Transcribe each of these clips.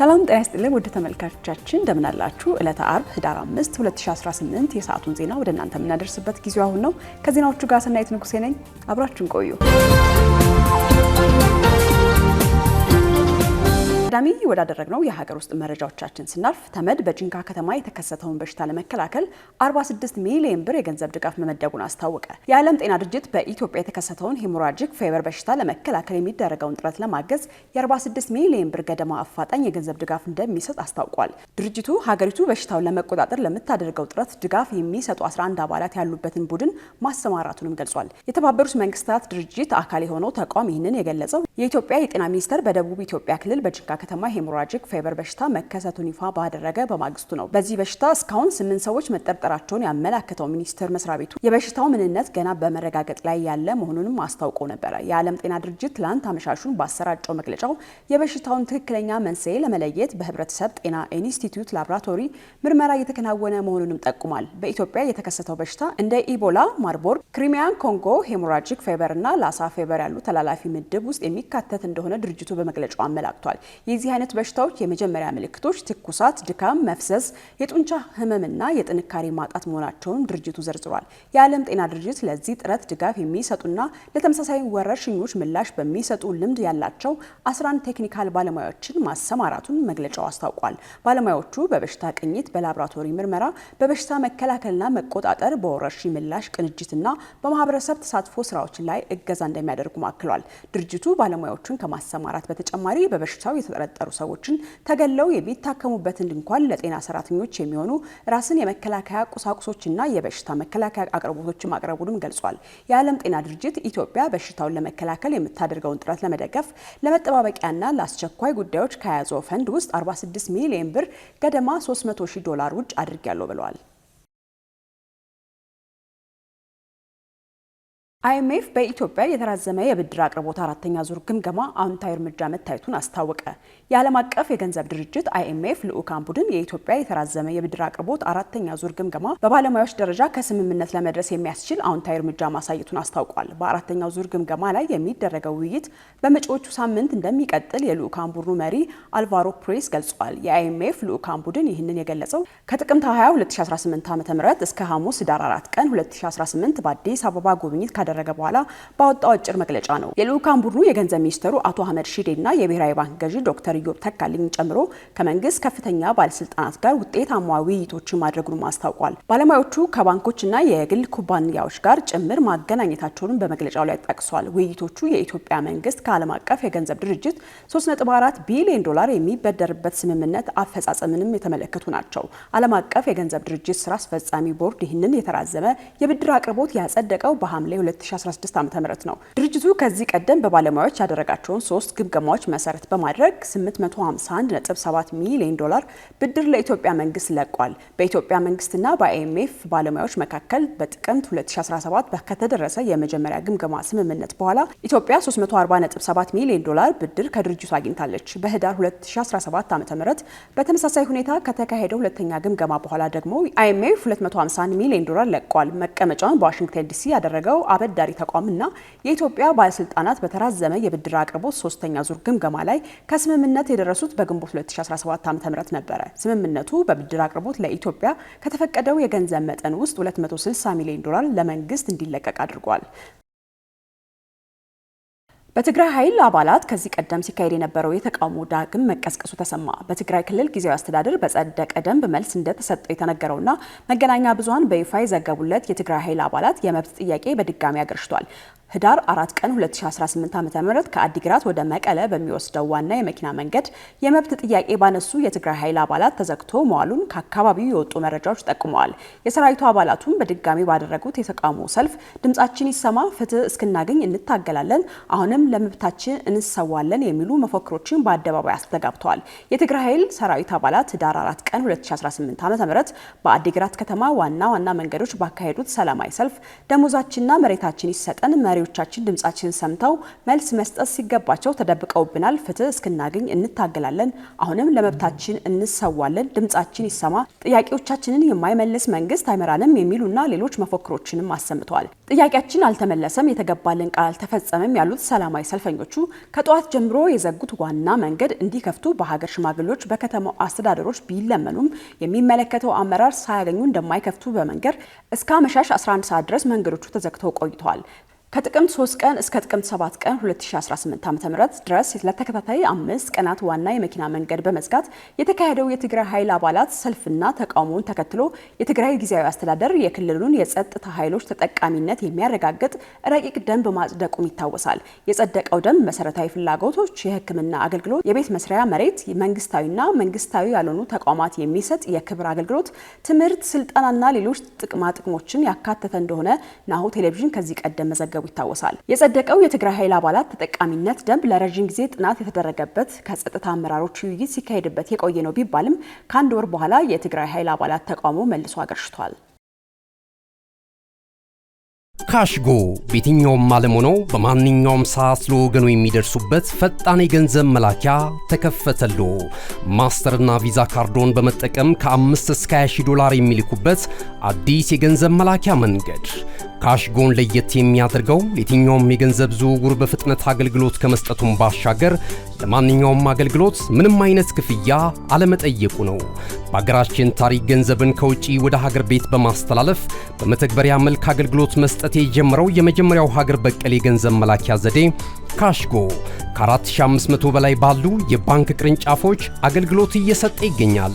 ሰላም ጤና ይስጥልን ውድ ተመልካቾቻችን እንደምናላችሁ። ዕለተ አርብ ህዳር 5 2018 የሰዓቱን ዜና ወደ እናንተ የምናደርስበት ጊዜው አሁን ነው። ከዜናዎቹ ጋር ሰናይት ንጉሴ ነኝ። አብራችን ቆዩ። ቀዳሚ ወዳደረግነው የሀገር ውስጥ መረጃዎቻችን ስናልፍ ተመድ በጂንካ ከተማ የተከሰተውን በሽታ ለመከላከል 46 ሚሊዮን ብር የገንዘብ ድጋፍ መመደቡን አስታወቀ። የዓለም ጤና ድርጅት በኢትዮጵያ የተከሰተውን ሄሞራጂክ ፌቨር በሽታ ለመከላከል የሚደረገውን ጥረት ለማገዝ የ46 ሚሊዮን ብር ገደማ አፋጣኝ የገንዘብ ድጋፍ እንደሚሰጥ አስታውቋል። ድርጅቱ ሀገሪቱ በሽታውን ለመቆጣጠር ለምታደርገው ጥረት ድጋፍ የሚሰጡ 11 አባላት ያሉበትን ቡድን ማሰማራቱንም ገልጿል። የተባበሩት መንግስታት ድርጅት አካል የሆነው ተቋም ይህንን የገለጸው የኢትዮጵያ የጤና ሚኒስቴር በደቡብ ኢትዮጵያ ክልል በጂንካ ከተማ ሄሞራጂክ ፌቨር በሽታ መከሰቱን ይፋ ባደረገ በማግስቱ ነው። በዚህ በሽታ እስካሁን ስምንት ሰዎች መጠርጠራቸውን ያመላከተው ሚኒስቴር መስሪያ ቤቱ የበሽታው ምንነት ገና በመረጋገጥ ላይ ያለ መሆኑንም አስታውቆ ነበረ። የዓለም ጤና ድርጅት ትላንት አመሻሹን ባሰራጨው መግለጫው የበሽታውን ትክክለኛ መንስኤ ለመለየት በህብረተሰብ ጤና ኢንስቲትዩት ላብራቶሪ ምርመራ እየተከናወነ መሆኑንም ጠቁሟል። በኢትዮጵያ የተከሰተው በሽታ እንደ ኢቦላ፣ ማርቦርግ፣ ክሪሚያን ኮንጎ፣ ሄሞራጂክ ፌቨር እና ላሳ ፌበር ያሉ ተላላፊ ምድብ ውስጥ የሚካተት እንደሆነ ድርጅቱ በመግለጫው አመላክቷል። የዚህ አይነት በሽታዎች የመጀመሪያ ምልክቶች ትኩሳት፣ ድካም፣ መፍሰስ፣ የጡንቻ ህመምና የጥንካሬ ማጣት መሆናቸውን ድርጅቱ ዘርዝሯል። የዓለም ጤና ድርጅት ለዚህ ጥረት ድጋፍ የሚሰጡና ለተመሳሳይ ወረርሽኞች ምላሽ በሚሰጡ ልምድ ያላቸው 11 ቴክኒካል ባለሙያዎችን ማሰማራቱን መግለጫው አስታውቋል። ባለሙያዎቹ በበሽታ ቅኝት፣ በላቦራቶሪ ምርመራ፣ በበሽታ መከላከልና መቆጣጠር፣ በወረርሽኝ ምላሽ ቅንጅትና በማህበረሰብ ተሳትፎ ስራዎች ላይ እገዛ እንደሚያደርጉ አክሏል። ድርጅቱ ባለሙያዎቹን ከማሰማራት በተጨማሪ በበሽታው የተጠረጠሩ ሰዎችን ተገለው የሚታከሙበትን ድንኳን ለጤና ሰራተኞች የሚሆኑ ራስን የመከላከያ ቁሳቁሶችና የበሽታ መከላከያ አቅርቦቶች ማቅረቡንም ገልጿል። የዓለም ጤና ድርጅት ኢትዮጵያ በሽታውን ለመከላከል የምታደርገውን ጥረት ለመደገፍ ለመጠባበቂያና ለአስቸኳይ ጉዳዮች ከያዘው ፈንድ ውስጥ 46 ሚሊዮን ብር ገደማ 300 ሺህ ዶላር ውጭ አድርጊያለሁ ብለዋል። አይኤምኤፍ በኢትዮጵያ የተራዘመ የብድር አቅርቦት አራተኛ ዙር ግምገማ አዎንታዊ እርምጃ መታየቱን አስታወቀ። የዓለም አቀፍ የገንዘብ ድርጅት አይኤምኤፍ ልዑካን ቡድን የኢትዮጵያ የተራዘመ የብድር አቅርቦት አራተኛ ዙር ግምገማ በባለሙያዎች ደረጃ ከስምምነት ለመድረስ የሚያስችል አዎንታዊ እርምጃ ማሳየቱን አስታውቋል። በአራተኛው ዙር ግምገማ ላይ የሚደረገው ውይይት በመጪዎቹ ሳምንት እንደሚቀጥል የልዑካን ቡድኑ መሪ አልቫሮ ፕሬስ ገልጿል። የአይኤምኤፍ ልዑካን ቡድን ይህንን የገለጸው ከጥቅምት 20 2018 ዓ ም እስከ ሐሙስ ዳር 4 ቀን 2018 በአዲስ አበባ ጉብኝት ካደረገ በኋላ ባወጣው አጭር መግለጫ ነው። የልዑካን ቡድኑ የገንዘብ ሚኒስትሩ አቶ አህመድ ሺዴ እና የብሔራዊ ባንክ ገዢ ዶክተር ኢዮብ ተካልኝ ጨምሮ ከመንግስት ከፍተኛ ባለስልጣናት ጋር ውጤታማ ውይይቶችን ማድረጉን አስታውቋል። ባለሙያዎቹ ከባንኮችና የግል ኩባንያዎች ጋር ጭምር ማገናኘታቸውን በመግለጫው ላይ ጠቅሷል። ውይይቶቹ የኢትዮጵያ መንግስት ከዓለም አቀፍ የገንዘብ ድርጅት 3.4 ቢሊዮን ዶላር የሚበደርበት ስምምነት አፈጻጸምንም የተመለከቱ ናቸው። ዓለም አቀፍ የገንዘብ ድርጅት ስራ አስፈጻሚ ቦርድ ይህንን የተራዘመ የብድር አቅርቦት ያጸደቀው በሐምሌ 2016 ዓ ም ነው። ድርጅቱ ከዚህ ቀደም በባለሙያዎች ያደረጋቸውን ሶስት ግምገማዎች መሰረት በማድረግ 851.7 ሚሊዮን ዶላር ብድር ለኢትዮጵያ መንግስት ለቋል። በኢትዮጵያ መንግስትና በአይኤምኤፍ ባለሙያዎች መካከል በጥቅምት 2017 ከተደረሰ የመጀመሪያ ግምገማ ስምምነት በኋላ ኢትዮጵያ 340.7 ሚሊዮን ዶላር ብድር ከድርጅቱ አግኝታለች። በህዳር 2017 ዓ ም በተመሳሳይ ሁኔታ ከተካሄደ ሁለተኛ ግምገማ በኋላ ደግሞ አይኤምኤፍ 251 ሚሊዮን ዶላር ለቋል። መቀመጫውን በዋሽንግተን ዲሲ ያደረገው አበ አበዳሪ ተቋምና የኢትዮጵያ ባለስልጣናት በተራዘመ የብድር አቅርቦት ሶስተኛ ዙር ግምገማ ላይ ከስምምነት የደረሱት በግንቦት 2017 ዓ ም ነበረ። ስምምነቱ በብድር አቅርቦት ለኢትዮጵያ ከተፈቀደው የገንዘብ መጠን ውስጥ 260 ሚሊዮን ዶላር ለመንግስት እንዲለቀቅ አድርጓል። በትግራይ ኃይል አባላት ከዚህ ቀደም ሲካሄድ የነበረው የተቃውሞ ዳግም መቀስቀሱ ተሰማ። በትግራይ ክልል ጊዜያዊ አስተዳደር በጸደቀ ደንብ መልስ እንደተሰጠው የተነገረውና መገናኛ ብዙኃን በይፋ የዘገቡለት የትግራይ ኃይል አባላት የመብት ጥያቄ በድጋሚ አገርሽቷል። ህዳር አራት ቀን 2018 ዓ.ም ከአዲግራት ወደ መቀለ በሚወስደው ዋና የመኪና መንገድ የመብት ጥያቄ ባነሱ የትግራይ ኃይል አባላት ተዘግቶ መዋሉን ከአካባቢው የወጡ መረጃዎች ጠቁመዋል። የሰራዊቱ አባላቱም በድጋሚ ባደረጉት የተቃውሞ ሰልፍ ድምጻችን ይሰማ፣ ፍትህ እስክናገኝ እንታገላለን፣ አሁንም ለመብታችን እንሰዋለን የሚሉ መፈክሮችን በአደባባይ አስተጋብተዋል። የትግራይ ኃይል ሰራዊት አባላት ህዳር አራት ቀን 2018 ዓ.ም በአዲግራት ከተማ ዋና ዋና መንገዶች ባካሄዱት ሰላማዊ ሰልፍ ደሞዛችንና መሬታችን ይሰጠን መሪ መሪዎቻችን ድምጻችን ሰምተው መልስ መስጠት ሲገባቸው ተደብቀውብናል። ፍትህ እስክናገኝ እንታገላለን። አሁንም ለመብታችን እንሰዋለን። ድምጻችን ይሰማ። ጥያቄዎቻችንን የማይመልስ መንግስት አይመራንም የሚሉና ሌሎች መፎክሮችንም አሰምተዋል። ጥያቄያችን አልተመለሰም፣ የተገባልን ቃል አልተፈጸመም ያሉት ሰላማዊ ሰልፈኞቹ ከጠዋት ጀምሮ የዘጉት ዋና መንገድ እንዲከፍቱ በሀገር ሽማግሌዎች በከተማው አስተዳደሮች ቢለመኑም የሚመለከተው አመራር ሳያገኙ እንደማይከፍቱ በመንገር እስከ አመሻሽ 11 ሰዓት ድረስ መንገዶቹ ተዘግተው ቆይተዋል። ከጥቅምት 3 ቀን እስከ ጥቅምት 7 ቀን 2018 ዓ.ም ድረስ ለተከታታይ አምስት ቀናት ዋና የመኪና መንገድ በመዝጋት የተካሄደው የትግራይ ኃይል አባላት ሰልፍና ተቃውሞውን ተከትሎ የትግራይ ጊዜያዊ አስተዳደር የክልሉን የጸጥታ ኃይሎች ተጠቃሚነት የሚያረጋግጥ ረቂቅ ደንብ ማጽደቁም ይታወሳል። የጸደቀው ደንብ መሰረታዊ ፍላጎቶች፣ የሕክምና አገልግሎት፣ የቤት መስሪያ መሬት፣ መንግስታዊና መንግስታዊ ያልሆኑ ተቋማት የሚሰጥ የክብር አገልግሎት፣ ትምህርት፣ ስልጠናና ሌሎች ጥቅማ ጥቅሞችን ያካተተ እንደሆነ ናሁ ቴሌቪዥን ከዚህ ቀደም መዘገቡ መመዝገቡ ይታወሳል። የጸደቀው የትግራይ ኃይል አባላት ተጠቃሚነት ደንብ ለረዥም ጊዜ ጥናት የተደረገበት ከጸጥታ አመራሮች ውይይት ሲካሄድበት የቆየ ነው ቢባልም ከአንድ ወር በኋላ የትግራይ ኃይል አባላት ተቃውሞ መልሶ አገርሽቷል። ካሽጎ በየትኛውም ዓለም ሆነው በማንኛውም ሰዓት ለወገኑ የሚደርሱበት ፈጣን የገንዘብ መላኪያ ተከፈተሎ። ማስተርና ቪዛ ካርዶን በመጠቀም ከ5 እስከ 20 ዶላር የሚልኩበት አዲስ የገንዘብ መላኪያ መንገድ ካሽጎን ለየት የሚያደርገው የትኛውም የገንዘብ ዝውውር በፍጥነት አገልግሎት ከመስጠቱም ባሻገር ለማንኛውም አገልግሎት ምንም አይነት ክፍያ አለመጠየቁ ነው። በሀገራችን ታሪክ ገንዘብን ከውጪ ወደ ሀገር ቤት በማስተላለፍ በመተግበሪያ መልክ አገልግሎት መስጠት የጀመረው የመጀመሪያው ሀገር በቀል የገንዘብ መላኪያ ዘዴ ካሽጎ ከ4500 በላይ ባሉ የባንክ ቅርንጫፎች አገልግሎት እየሰጠ ይገኛል።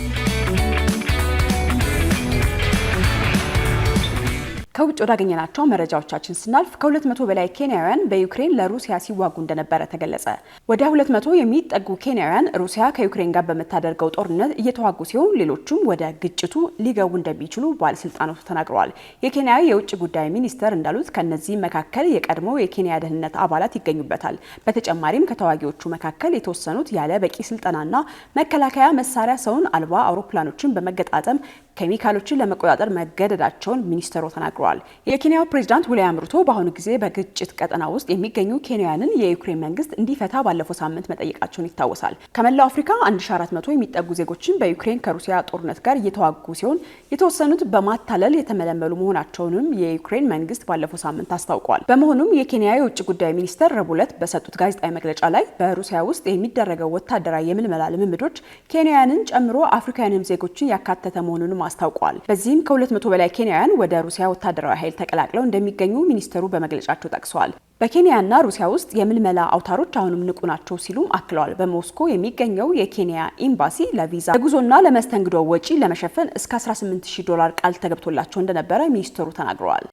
ከውጭ ወዳገኘናቸው መረጃዎቻችን ስናልፍ ከሁለት መቶ በላይ ኬንያውያን በዩክሬን ለሩሲያ ሲዋጉ እንደነበረ ተገለጸ። ወደ ሁለት መቶ የሚጠጉ ኬንያውያን ሩሲያ ከዩክሬን ጋር በምታደርገው ጦርነት እየተዋጉ ሲሆን ሌሎቹም ወደ ግጭቱ ሊገቡ እንደሚችሉ ባለስልጣናቱ ተናግረዋል። የኬንያ የውጭ ጉዳይ ሚኒስተር እንዳሉት ከእነዚህ መካከል የቀድሞ የኬንያ ደህንነት አባላት ይገኙበታል። በተጨማሪም ከተዋጊዎቹ መካከል የተወሰኑት ያለ በቂ ስልጠናና መከላከያ መሳሪያ ሰውን አልባ አውሮፕላኖችን በመገጣጠም ኬሚካሎችን ለመቆጣጠር መገደዳቸውን ሚኒስተሩ ተናግረዋል። ተናግረዋል። የኬንያው ፕሬዚዳንት ዊልያም ሩቶ በአሁኑ ጊዜ በግጭት ቀጠና ውስጥ የሚገኙ ኬንያውያንን የዩክሬን መንግስት እንዲፈታ ባለፈው ሳምንት መጠየቃቸውን ይታወሳል። ከመላው አፍሪካ 1400 የሚጠጉ ዜጎችን በዩክሬን ከሩሲያ ጦርነት ጋር እየተዋጉ ሲሆን የተወሰኑት በማታለል የተመለመሉ መሆናቸውንም የዩክሬን መንግስት ባለፈው ሳምንት አስታውቋል። በመሆኑም የኬንያ የውጭ ጉዳይ ሚኒስተር ረቡዕ ዕለት በሰጡት ጋዜጣዊ መግለጫ ላይ በሩሲያ ውስጥ የሚደረገው ወታደራዊ የምልመላ ልምምዶች ኬንያውያንን ጨምሮ አፍሪካውያንም ዜጎችን ያካተተ መሆኑንም አስታውቋል። በዚህም ከ200 በላይ ኬንያውያን ወደ ሩሲያ ወታደ ወታደራዊ ኃይል ተቀላቅለው እንደሚገኙ ሚኒስተሩ በመግለጫቸው ጠቅሰዋል። በኬንያና ሩሲያ ውስጥ የምልመላ አውታሮች አሁንም ንቁ ናቸው ሲሉም አክለዋል። በሞስኮ የሚገኘው የኬንያ ኤምባሲ ለቪዛ ለጉዞና ለመስተንግዶ ወጪ ለመሸፈን እስከ 180 ዶላር ቃል ተገብቶላቸው እንደነበረ ሚኒስተሩ ተናግረዋል።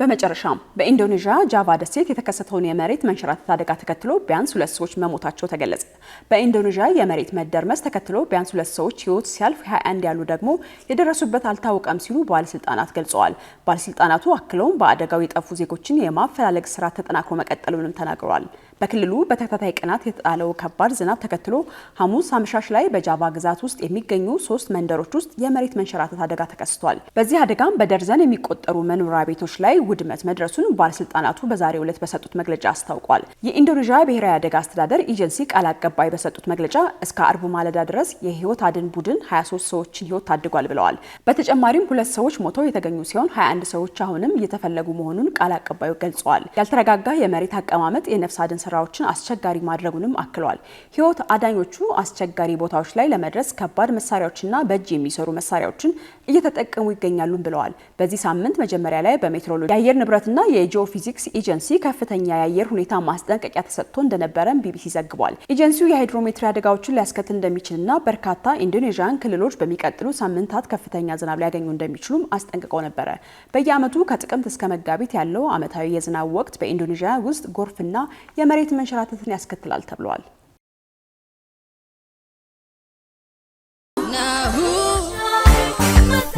በመጨረሻም በኢንዶኔዥያ ጃቫ ደሴት የተከሰተውን የመሬት መንሸራተት አደጋ ተከትሎ ቢያንስ ሁለት ሰዎች መሞታቸው ተገለጸ። በኢንዶኔዥያ የመሬት መደርመስ ተከትሎ ቢያንስ ሁለት ሰዎች ሕይወት ሲያልፍ 21 ያሉ ደግሞ የደረሱበት አልታወቀም ሲሉ ባለስልጣናት ገልጸዋል። ባለስልጣናቱ አክለውም በአደጋው የጠፉ ዜጎችን የማፈላለግ ስራ ተጠናክሮ መቀጠሉንም ተናግረዋል። በክልሉ በተከታታይ ቀናት የተጣለው ከባድ ዝናብ ተከትሎ ሐሙስ አመሻሽ ላይ በጃባ ግዛት ውስጥ የሚገኙ ሶስት መንደሮች ውስጥ የመሬት መንሸራተት አደጋ ተከስቷል። በዚህ አደጋም በደርዘን የሚቆጠሩ መኖሪያ ቤቶች ላይ ውድመት መድረሱን ባለስልጣናቱ በዛሬው ዕለት በሰጡት መግለጫ አስታውቋል። የኢንዶኔዥያ ብሔራዊ አደጋ አስተዳደር ኤጀንሲ ቃል አቀባይ በሰጡት መግለጫ እስከ አርቡ ማለዳ ድረስ የህይወት አድን ቡድን 23 ሰዎችን ህይወት ታድጓል ብለዋል። በተጨማሪም ሁለት ሰዎች ሞተው የተገኙ ሲሆን 21 ሰዎች አሁንም እየተፈለጉ መሆኑን ቃል አቀባዩ ገልጸዋል። ያልተረጋጋ የመሬት አቀማመጥ የነፍስ አድን ስራዎችን አስቸጋሪ ማድረጉንም አክለዋል። ህይወት አዳኞቹ አስቸጋሪ ቦታዎች ላይ ለመድረስ ከባድ መሳሪያዎችና በእጅ የሚሰሩ መሳሪያዎችን እየተጠቀሙ ይገኛሉ ብለዋል። በዚህ ሳምንት መጀመሪያ ላይ በሜትሮሎጂ የአየር ንብረትና የጂኦፊዚክስ ኤጀንሲ ከፍተኛ የአየር ሁኔታ ማስጠንቀቂያ ተሰጥቶ እንደነበረም ቢቢሲ ዘግቧል። ኤጀንሲው የሃይድሮሜትሪ አደጋዎችን ሊያስከትል እንደሚችልና በርካታ ኢንዶኔዥያን ክልሎች በሚቀጥሉ ሳምንታት ከፍተኛ ዝናብ ሊያገኙ እንደሚችሉም አስጠንቅቀው ነበረ። በየዓመቱ ከጥቅምት እስከ መጋቢት ያለው ዓመታዊ የዝናብ ወቅት በኢንዶኔዥያ ውስጥ ጎርፍና የመ የመሬት መንሸራተትን ያስከትላል ተብሏል።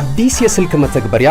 አዲስ የስልክ መተግበሪያ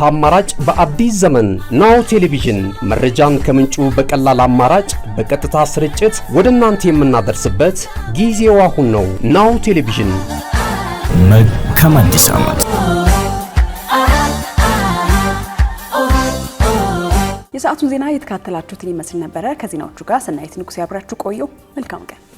አማራጭ በአዲስ ዘመን ናሁ ቴሌቪዥን መረጃን ከምንጩ በቀላል አማራጭ በቀጥታ ስርጭት ወደ እናንተ የምናደርስበት ጊዜው አሁን ነው። ናሁ ቴሌቪዥን መልካም አዲስ ዓመት። የሰዓቱን ዜና የተካተላችሁትን ይመስል ነበረ። ከዜናዎቹ ጋር ሰናይት ንጉሴ አብራችሁ ቆየው። መልካም ቀን